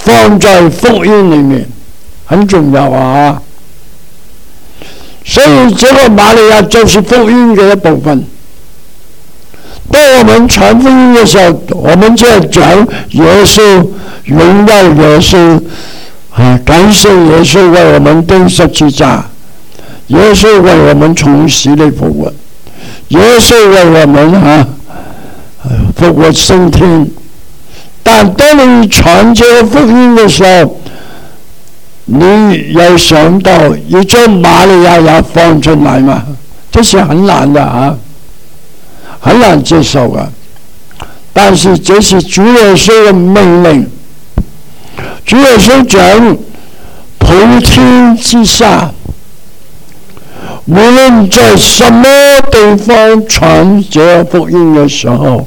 放在福音裏面很重要啊，所以這個馬利亞就是福音嘅一部分。當我們傳福音嘅時候，我們就要講耶穌，榮耀耶穌啊。感謝耶穌為我們釘十字架，耶穌為我們從事的復活耶穌為我們啊復活升天但當你傳這福音嘅時候，你要想到要將馬利亞也放出來嘛？這是很難的啊，很難接受嘅。但是這是主耶穌嘅命令。主耶穌講普天之下，無論在什麼地方傳這福音嘅時候。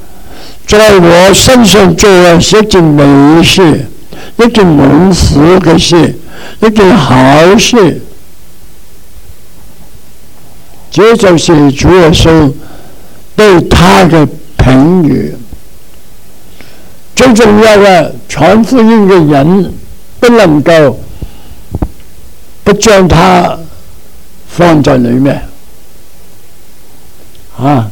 在我身上做一件美的事，一件好事嘅事，一件好事，這就是主耶穌對他的評語。最重要嘅傳福音嘅人，不能夠不將他放在裏面，啊！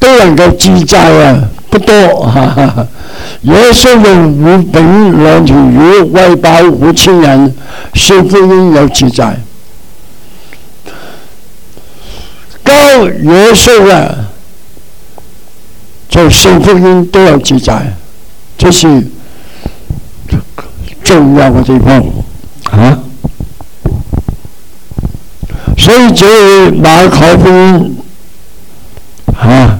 都能夠記載啊，不多，哈哈耶穌用五餅兩條魚餵飽五千人，信福音有記載高耶穌啊，就信福音都有記載，這是重要嘅地方啊。所以就係馬可福音啊。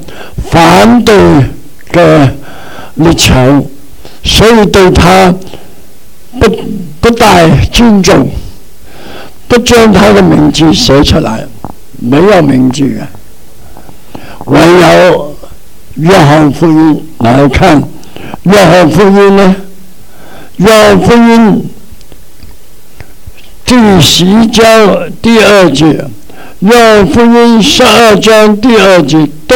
反對嘅立場，所以對他不不大尊重，不將他的名字寫出來，沒有名字啊，唯有約翰福音來看，約翰福音呢？約翰福音第十一章第二節，約翰福音十二章第二節都。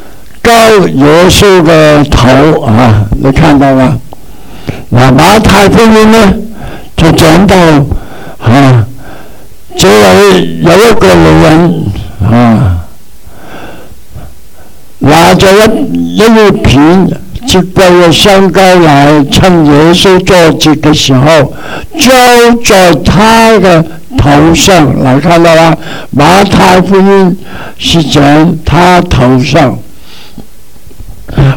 高耶穌嘅頭啊，你看到嗎？那馬太福音呢？就講到啊，只有一個女人啊，拿着一一瓶極貴嘅香膏來，趁耶穌坐席嘅時候，澆在他的頭上。你看到嗎？馬太福音是講他頭上。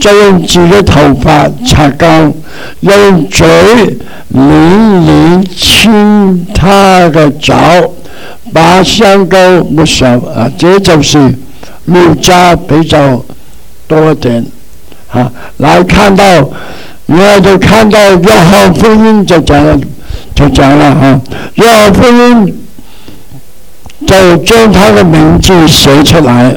再用自己的頭髮擦乾，用嘴緩抿親他的腳把香膏抹上，啊，這就是路加比較多一點，啊，來看到，然後就看到約翰福音就講，就講了。啊，約翰福音就將他的名字寫出來。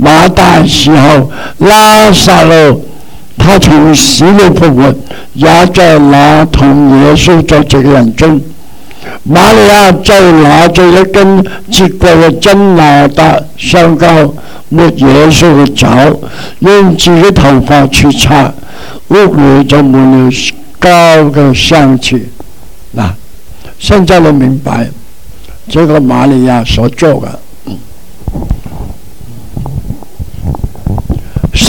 馬大時候，拉撒路，他從死裡復活，也在那同耶穌做這個見中，馬利亞就拿着一根接過的荊大香膏抹耶穌的腳，用自己頭髮去擦屋裡就沒有高的香氣。嗱、啊，現在我明白，這個馬利亞所做的。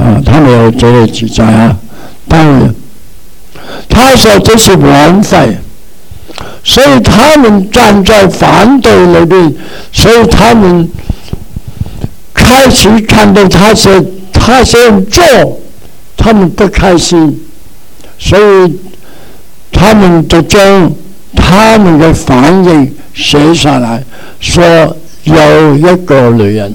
啊，他沒有個記載啊，但係他說這是浪費，所以他們站在反對那邊，所以他們開始看到他先他先做，他們不開心，所以他們就將他們的反應寫下來，說有一個女人。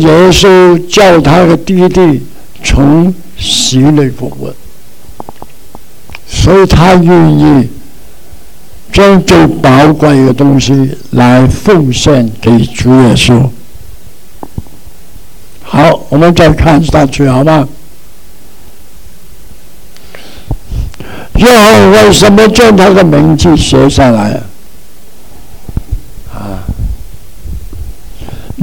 耶穌叫他的弟弟從死裡復活，所以他願意將最寶貴的東西來奉獻給主耶穌。好，我們再看下去，好嗎？最後為什麼將他的名字寫下來？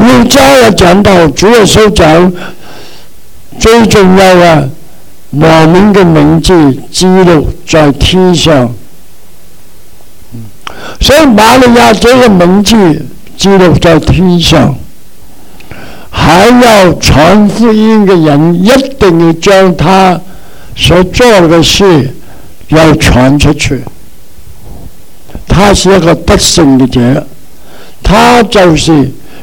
儒家講到，主要說講最重要啊，我們的名字記錄在天上。所以，馬利亞，這個名字記錄在天上，還要傳福音嘅人一定要將他所做了嘅事要傳出去。他是一個德行嘅人，他就是。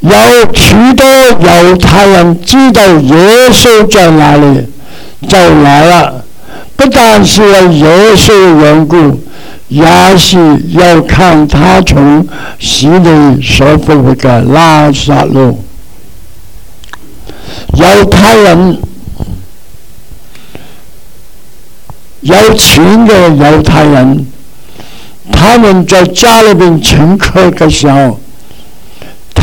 有許多猶太人知道耶穌在哪裏，就來了，不但是有耶穌緣故，也是要看他從死裡所復活嘅拉撒路。猶太人，有錢嘅猶太人，他們在家裏面請客嘅時候，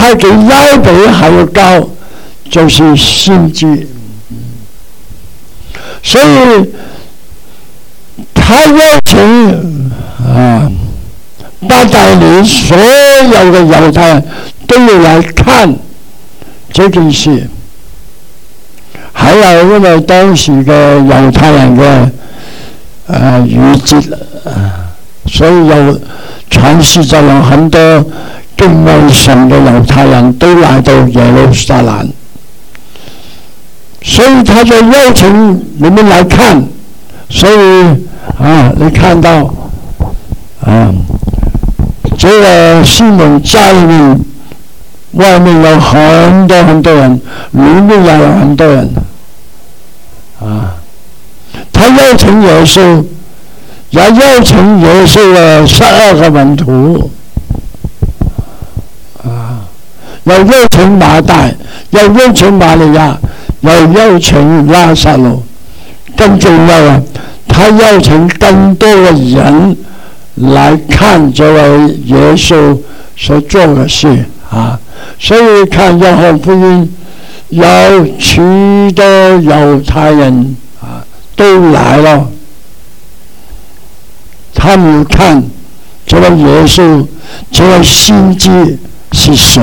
他比矮嘅，還要高就是心機。所以，他邀請啊，八代年所有嘅猶太人都來看這件事，還有因為當時嘅猶太人嘅啊，預知啊，所以有全世界有很多。最虔誠的猶太人都來到耶路撒冷，所以他就邀請人們來看，所以啊，你看到啊，這個西蒙在外面有很多很多人，裏面也有很多人，啊，他邀請耶穌，也邀請耶穌嘅十二個門徒。又邀請馬大，又邀請馬利亞，又邀請拉撒路，更重要啊！他邀請更多的人來看這位耶穌所做的事啊！所以看約翰福音，有許多猶太人啊都來了，他們看這位耶穌，這個先知是誰？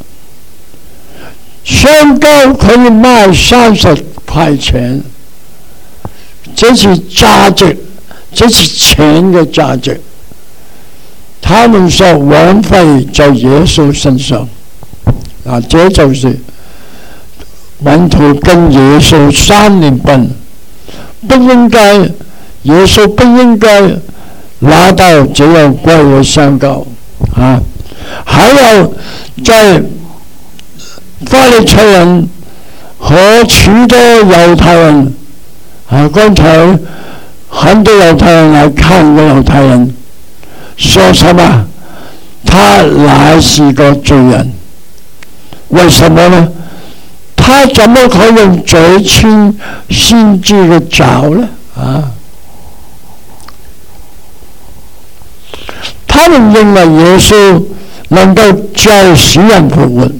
香膏可以賣三十塊錢，這是價值，這是錢的價值。他們說枉費在耶穌身上，嗱、啊，這就是門徒跟耶穌三年半，不應該，耶穌不應該拿到這樣貴嘅香膏啊，還有在法利賽人和許多猶太人啊，剛才很多猶太人嚟看個猶太人，說什麼？他乃是個個罪人，為什麼呢？他怎麼可以用最親先知嘅教呢？啊！他們認為耶穌能夠教使人。福音。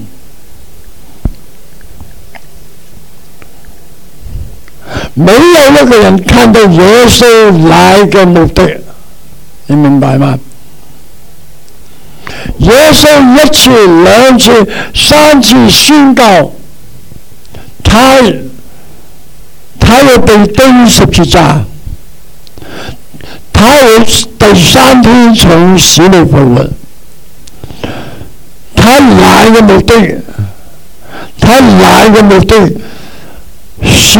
沒有一個人看到耶穌來嘅目的，你明白嗎？耶穌一次兩次三次宣告，他他要被釘十字架；他要第三天從死裏復活，他來嘅目的，他來嘅目，目的是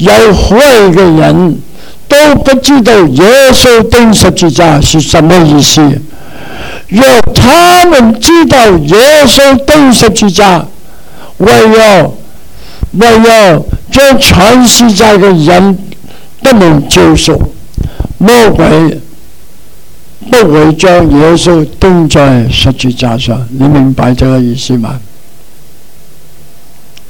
有壞嘅人都不知道耶穌釘十字架是什麼意思，若他們知道耶穌釘十字架，為要為要將全世界嘅人都能救贖，魔鬼不會將耶穌釘在十字架上。你明白這個意思嗎？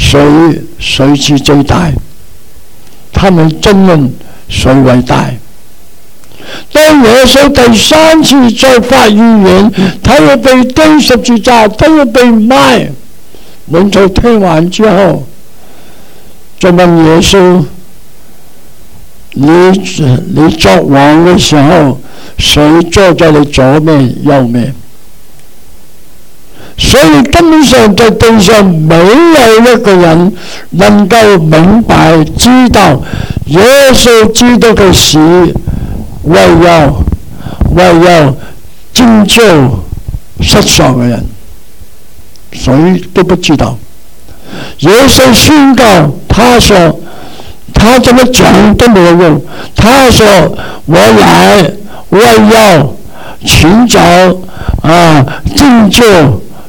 誰誰是最大？他們爭論誰為大？當耶穌第三次在發預言，他又被釘十字架，他又被賣。門徒聽完之後，就問耶穌：「你你作王嘅時候，誰坐在你左面右面？」所以根本上在地上沒有一個人能夠明白，知道耶穌知道的是為要為要拯救失喪嘅人，誰都不知道。耶穌宣告，他說：他怎麼講都冇用。他說：我來，我要尋找啊，拯救。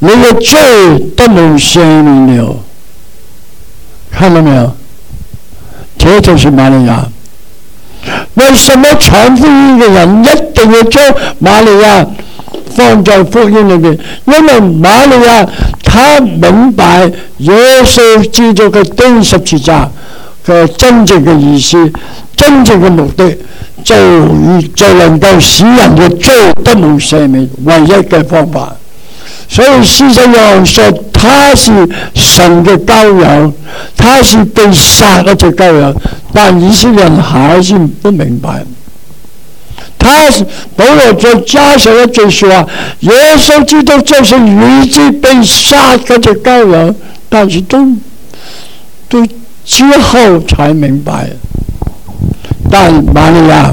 你的罪得能赦免了，看到沒有？這就是瑪利亞。為什麼傳福音嘅人一定要將瑪利亞放在福音裏邊？因為瑪利亞他明白耶穌基督嘅真實十字架嘅真正嘅意思，真正嘅目的，就就能夠使人嘅罪得能赦免，唯一嘅方法。所以事實上說他是神的羔羊，他是被殺嗰隻羔羊，但有些人還是不明白，他是本來加上一句說話，耶穌基督就是與之被殺嗰隻羔羊，但是都都之後才明白，但馬利亞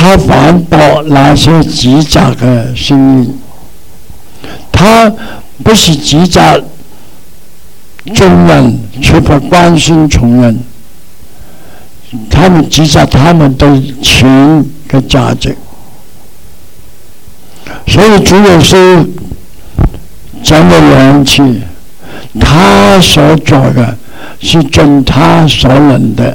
他反駁那些指責的聲音，他不是指責眾人缺乏關心窮人，他們指責他們對錢的價值。所以主要是咱們人去，他所做的是盡他所能的。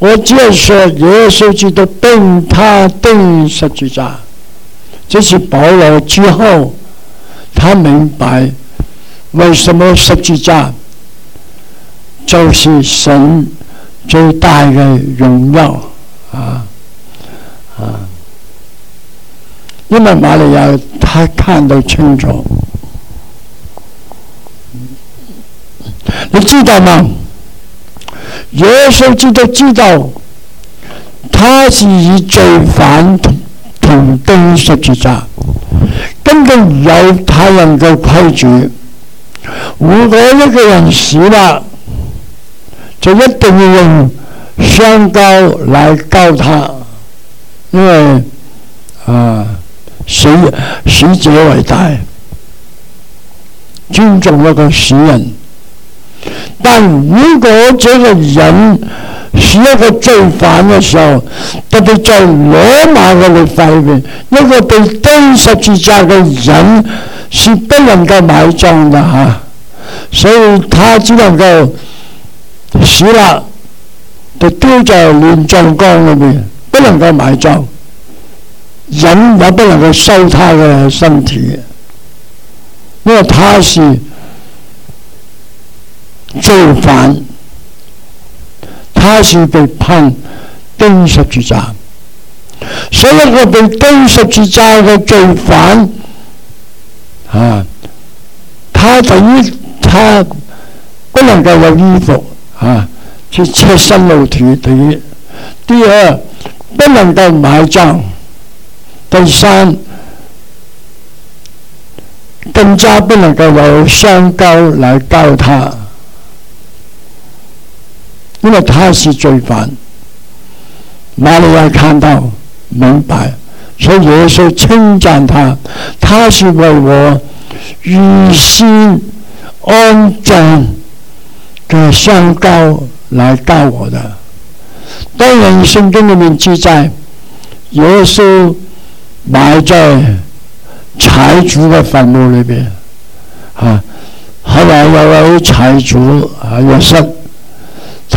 我只要說耶穌基督登他釘十字架，這是保羅之後，他明白為什麼十字架就是神最大嘅榮耀啊啊！因為馬利亞他看得清楚，你知道嗎？耶穌知道知道，他是以罪犯同釘十字架，根據猶太人嘅規矩。如果一個人死啦，就一定要用香膏來膏他，因為啊、呃，死死者為大，尊重一個死人。但如果這個人是一個罪犯嘅時候，特別在羅馬嘅律法裏邊，一個被釘十字架嘅人是不能夠埋葬嘅吓，所以他只能夠死啦，就丟在亂葬崗裏邊，不能夠埋葬。人也不能夠收他嘅身體，因為他是。罪犯，他是被判釘十字架。所以我被釘十字架的罪犯，啊，他第一，他不能夠有衣服啊，去赤身露體；第二，不能夠埋葬；第三，更加不能夠有香膏來膏他。因為他是罪犯，馬利亞看到明白，所以耶穌稱讚他，他是為我與心安葬的香膏來告我的。但聖經裏面記載，耶穌埋在財主的墳墓裏面，啊，後來又有財主啊，又殺。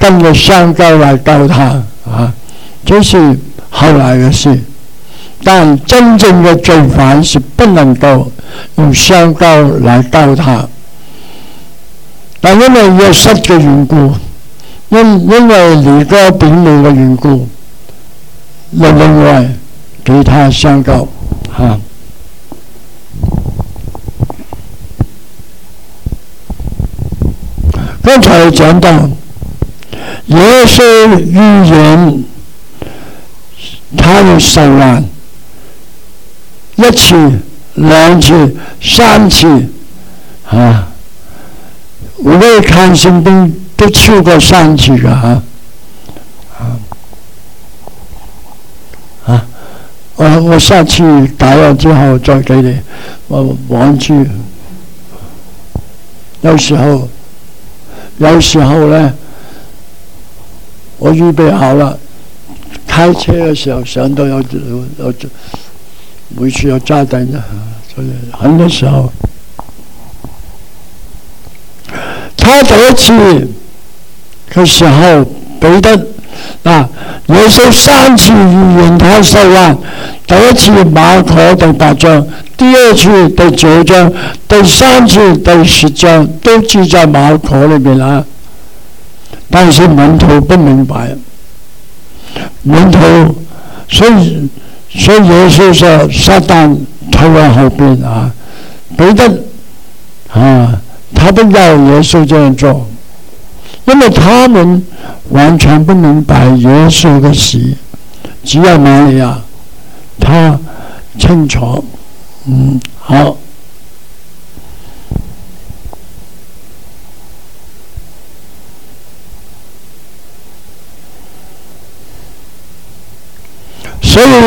今日香膏嚟救他啊！這是後來嘅事，但真正嘅罪犯是不能夠用香膏來救他。但因為藥失嘅緣故，因因為離家遠路嘅緣故，另另外其他香膏啊。剛才講到。耶穌預言，他要受難，一次、兩次、三次，啊！我啲看新聞都去過三次噶，啊啊！我我三次打完之後再給你，我望住，有時候，有時候咧。我預備好了，開車嘅時候想到有有每處有炸彈的，所以很多時候，他第一次嘅時候俾得啊，我數三次預言他受難，第一次馬可得八章，第二次得九章，第三次得十章，都記在馬可裏邊啦。但是門徒不明白，門徒，所以所以耶穌說：「撒旦退喺後邊啊，彼得，啊，他都要耶穌這樣做，因為他們完全不明白耶穌嘅事，只有馬利亞，他清楚，嗯，好。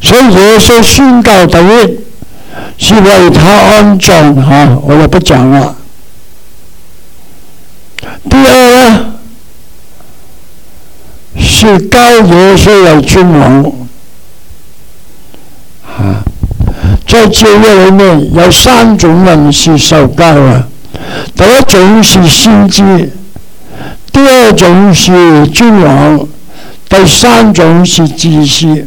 所以呢些，宣教，第一是為他安葬啊，我也不講了。第二呢是交野需要君王啊，在就業裏面有三種人是受教啊。第一種是先知，第二種是君王，第三種是祭司。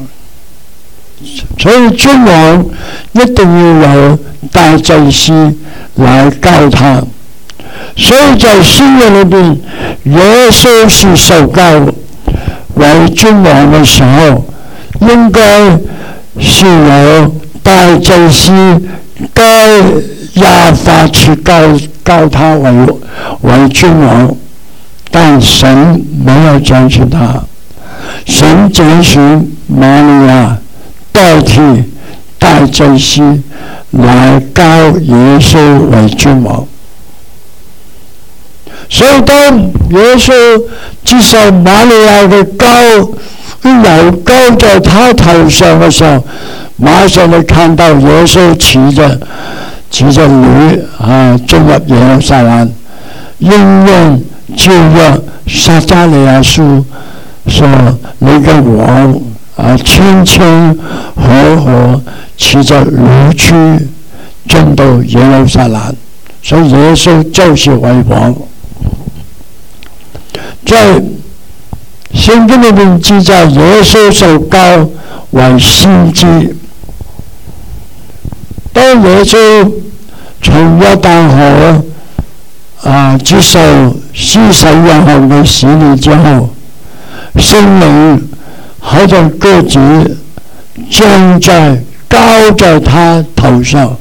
所以君王一定要有大祭司來教他，所以在新嘅呢邊，耶穌是受教為君王的時候，應該是由大祭司該亞法去教教他為為君王，但神沒有揀選他，神揀選瑪利亞。代替大祭司來膏耶穌為君王，所以當耶穌接受瑪利亞嘅膏，因為膏在他頭上的時候，馬上就看到耶穌騎着騎着驢，啊進入耶路撒冷，應驗舊約撒迦利亞書說：你嘅王。啊，謙謙和和騎着驢車，進到耶路撒冷，所以耶穌就是為王。在聖經裏面記載，耶穌受膏為先知，當耶穌從約旦河啊接受施洗約翰嘅洗禮之後，聖靈。好像鴿子正在高在他頭上，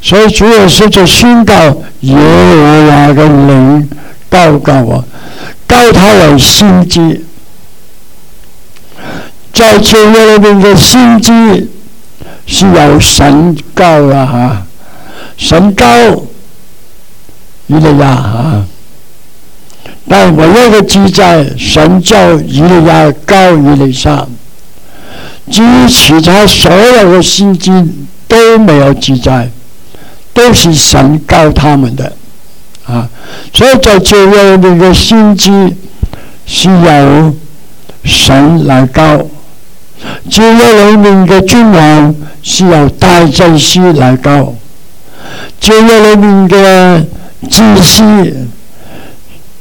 所以主要是在宣告耶和華嘅名高高啊，高他有心機，在舊約裏面的心機是由神高啊，神高，呢啲嘢啊。但我那個記載神叫以利亞膏以利沙，至於其他所有的先知都沒有記載，都是神膏他們的，啊，所以在教會裏面嘅先知是由神嚟膏，教會裏面嘅君王是由大祭司嚟膏，教會裏面的祭司。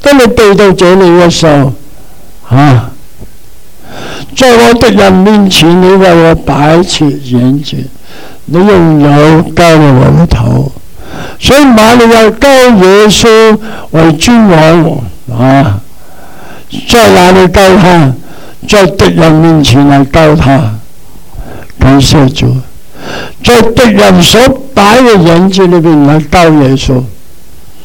當你背到這裏的時候，吓、啊，在我的敵人面前，你為我擺設筵席，你用油膏我的頭，所以馬利亞膏耶穌為尊王，王啊？在哪裏膏他？在敵人面前來膏他，感謝主！在敵人所擺的筵席裏面來膏耶穌。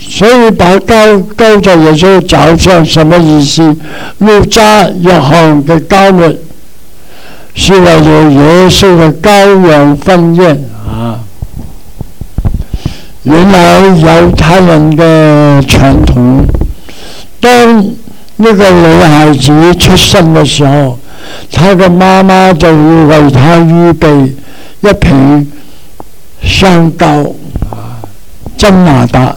所以把高高在耶穌手上，什麼意思？目標約翰嘅高律是為咗耶穌嘅羔羊婚宴。原來猶太人嘅傳統，當呢個女孩子出生嘅時候，她嘅媽媽就會為她預備一瓶香膏真拿達。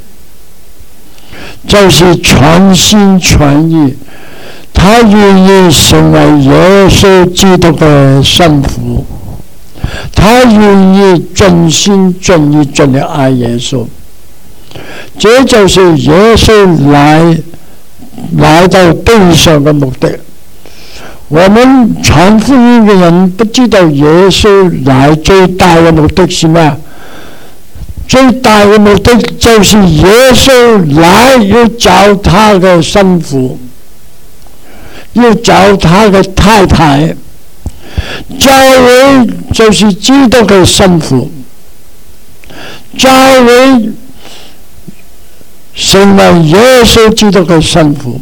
就是全心全意，他願意成為耶穌基督的信徒，他願意全心全意，真的愛耶穌。這就是耶穌來來到地上的目的。我們傳福音的人不知道耶穌來最大的目的是什麼？最大嘅目的就是耶穌來要找他嘅生父，要找他嘅太太，教會就是基督的生父，教會成為耶穌基督的生父，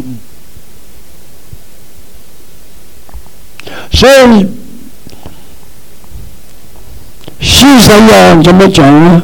所以四十年怎麼講呢？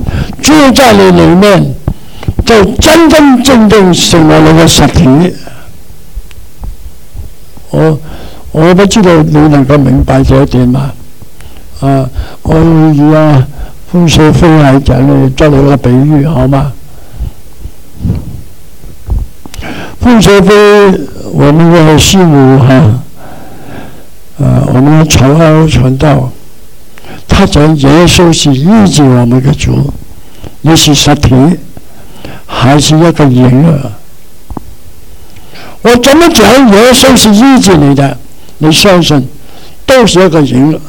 住在你裏面，就真真正正成為你嘅實體。我我不知道你能夠明白這一點嗎？啊，我以傅雪飛係就嚟講，作一個比喻，好嗎？傅雪飛，我們的師母哈，啊，我們傳教傳道，他講耶穌是遇見我們的主。你是實體，還是一個影啊？我怎麼講，耶穌是醫治你的，你相信，都是一個影啊。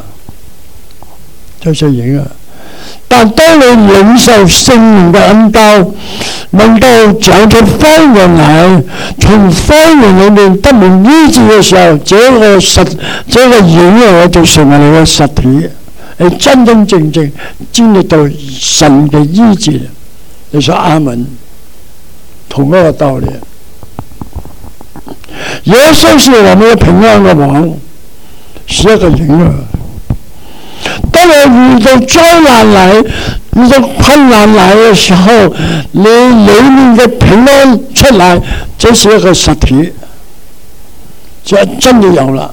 都、就是個影啊。但當你領受聖靈嘅恩膏，能夠講出方言來，從方言裏面得明醫治的時候，這個實，這個影啊，就成為你的實體。真真正正經歷到神的醫治，你，就是阿門，同一個道理。耶穌是我們的平安嘅王，是一個靈啊。當我遇到災難來，遇到困難來的時候，你裏面的平安出來，這是一個實體，就真的有了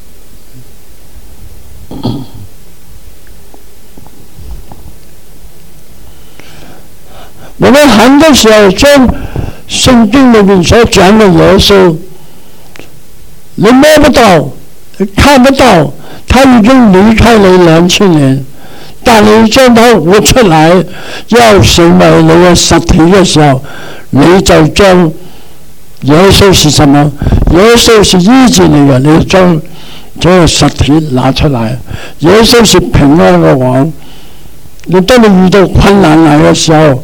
我們很多時候將聖經裏面所講的耶穌，你摸不到，看不到，他已經離開了兩千年，但你將它活出來，要成為那個實體的時候，你就將耶穌是什麼？耶穌是醫治你的，你將這個實體拿出來。耶穌是平安的王，你當你遇到困難來的時候。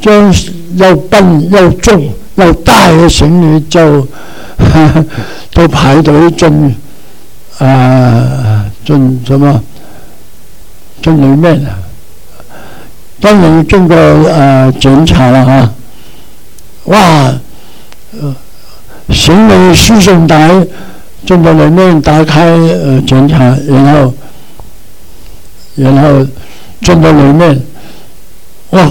將又笨又重又大的行李就呵呵都排隊進啊進什麼？進裏面當然經過啊檢查了啊，哇，行李輸送帶進，進到裏面，打開啊、呃、檢查，然後然後進到裏面，哇！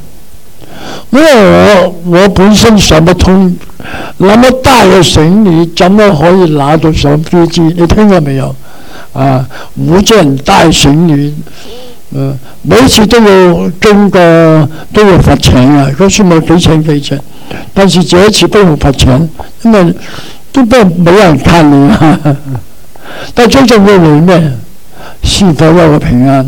因為我我本身想不通，那麼大的行李，怎麼可以拿到上飛機？你聽過沒有？啊，無人帶行李，誒、啊，每一次都要經過都要罰錢啊！嗰時冇俾錢俾錢，但是這一次都冇罰錢，因為都俾沒人看你啊！呵呵，但真正嘅會咩？是否要個平安。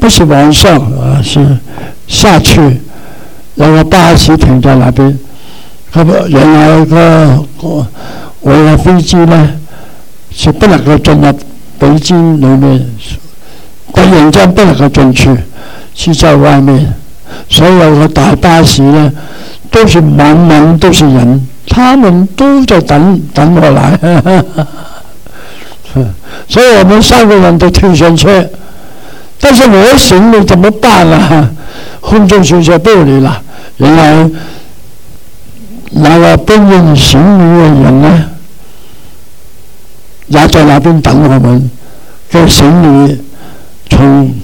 不是晚上啊，是下去。有個巴士停在那邊，佢不原來個我我嘅飛機呢，是不能夠進入北京裏面，個人家不能夠進去，是在外面。所有嘅大巴士呢，都是滿滿都是人，他們都在等等我來呵呵。是所以，我們三個人都跳上車。但是我的行李怎麼辦呢？空中學校不理了，原來那個搬運行李的人呢，也在那邊等我們，叫行李從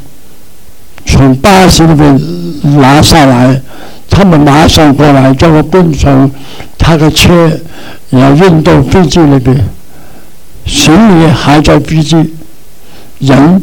從巴士裡邊拿下來，他們馬上過來叫我搬上他的車，然後運到飛機裡邊，行李還在飛機人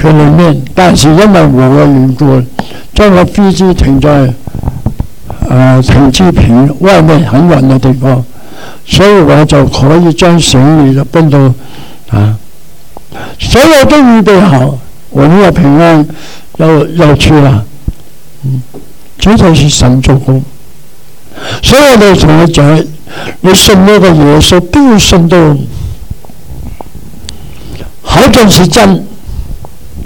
佢裡面，但是因為我如果將個飛機停在，啊，停機坪外面很遠的地方，所以我就可以將行李就搬到，啊，所有都預備好，我哋平安又又去了，嗯，主要係神做工，所以我同你講，你信呢個耶穌，必信到，好長時間。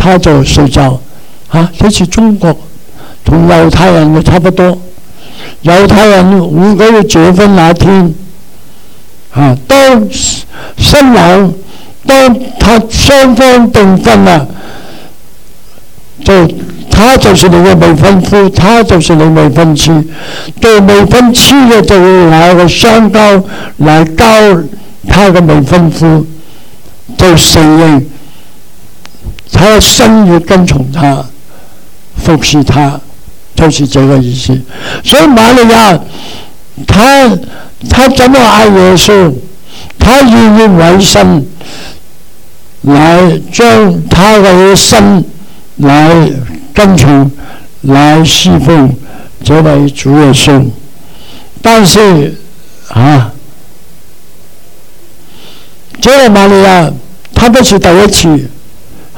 他就睡就，啊，這是中國同猶太人都差不多。猶太人五個要結婚那天，啊，當新郎，當他雙方訂婚了，就他就是你嘅未婚夫，他就是你未婚妻。對未婚妻嘅就會拿一個香膏來膏他嘅未婚夫，就承認。他的生意跟從他，服侍他，就是這個意思。所以瑪利亞他，他怎麼愛耶穌，他願意為神，來將他的生來跟從，來侍奉這位主耶穌。但是啊這位、個、瑪利亞他不是第一次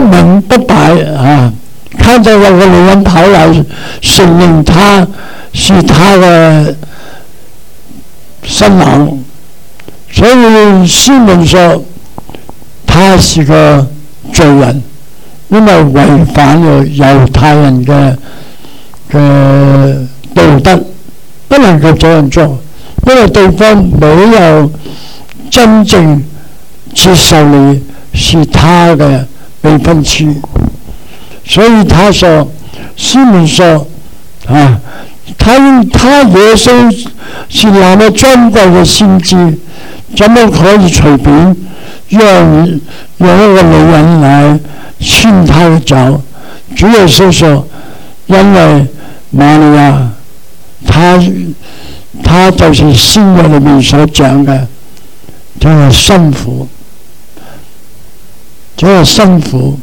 不明不白啊！看到有個女人跑來承認她是他的新郎，所以西門說他是個罪人，因為違反了猶太人的嘅、呃、道德，不能夠這樣做，因為對方沒有真正接受你是他的被分去，所以他說：西門說，啊，他用他本身是那麼尊貴的心機，怎麼可以隨便讓，讓一個女人來遷他走？主要是說，因為瑪利亞，他他就是新約裏面所講的，就是聖父。即係辛苦，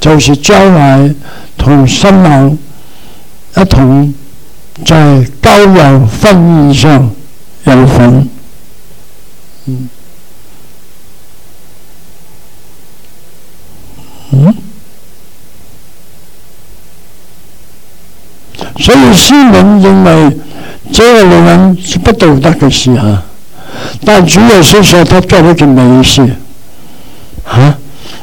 就是將來同新郎一同在郊遊婚宴上有房嗯,嗯，所以西門為，為這兩人是不道德嘅事啊，但主要是說他做了件美事，嚇、啊。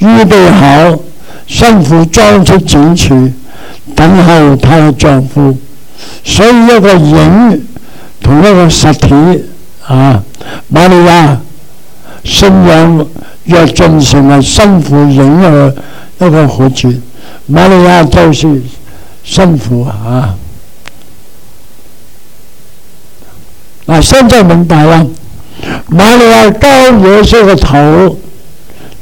預備好，聖父裝出進去，等候他的丈夫。所以一個影同一個實體啊，瑪利亞信仰若進成為聖父影嘅一個環節，瑪利亞就是聖父啊。我、啊、現在明白了瑪利亞高耶這個頭。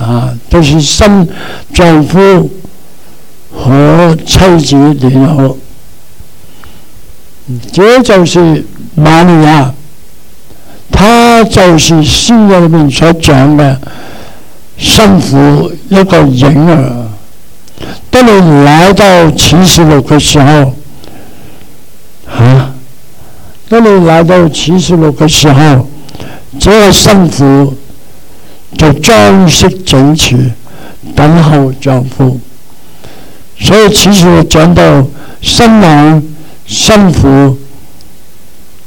啊！都是新丈夫和妻子。你，我這就是瑪利亞，他就是書裏面所講的。聖父一個影兒啊！當你來到啟示錄嘅時候，啊當你來到啟示錄嘅時候，這個聖父。就裝飾整齊等候丈夫，所以此次講到新郎、新婦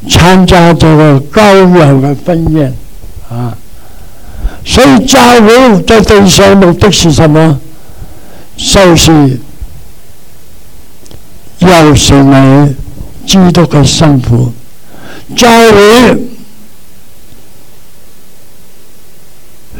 參加這個高遠嘅婚宴，啊，所以教會嘅對象目的是什麼？就是要成為基督嘅信徒，教會。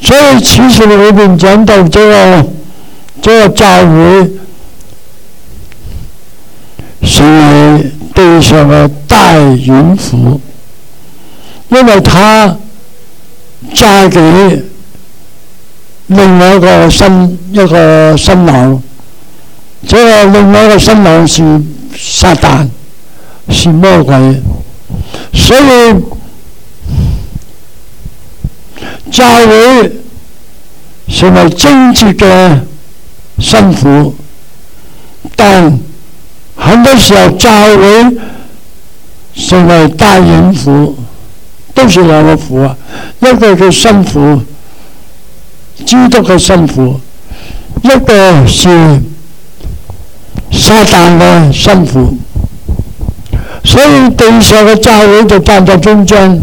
所以此前呢，裡面講到，這個這個教會是為地上個大淫婦，因為他嫁給另外一個新一個新郎，這個另外一個新郎是撒旦，是魔鬼，所以。教會成為政治嘅新婦，但很多時候教會成為大淫婦，都是兩個婦啊，一個叫新婦，基督徒嘅新婦，一個是撒旦嘅新婦，所以地上嘅教會就站在中間。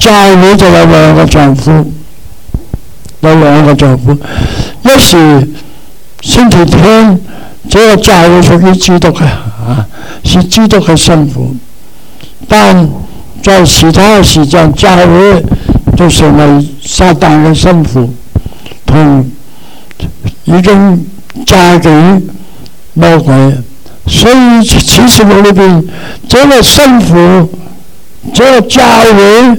教會就有兩個丈夫，有兩個丈夫。一時星期天，這個教會屬於基督嘅，啊，是基督嘅信徒，但在其他時間，教會就成為撒旦嘅信徒，同已經嫁給魔鬼。所以其實我哋邊，這個信徒，這個教會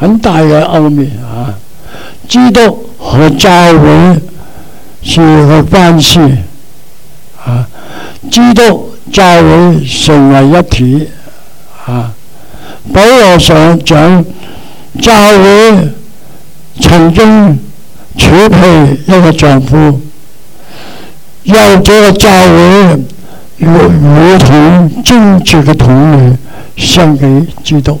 很大嘅奧秘啊！基督和教會是一個關係啊！基督教會成為一體啊！保羅想講教會曾經許配一個丈夫，又將教會如同貞潔嘅童女獻給基督。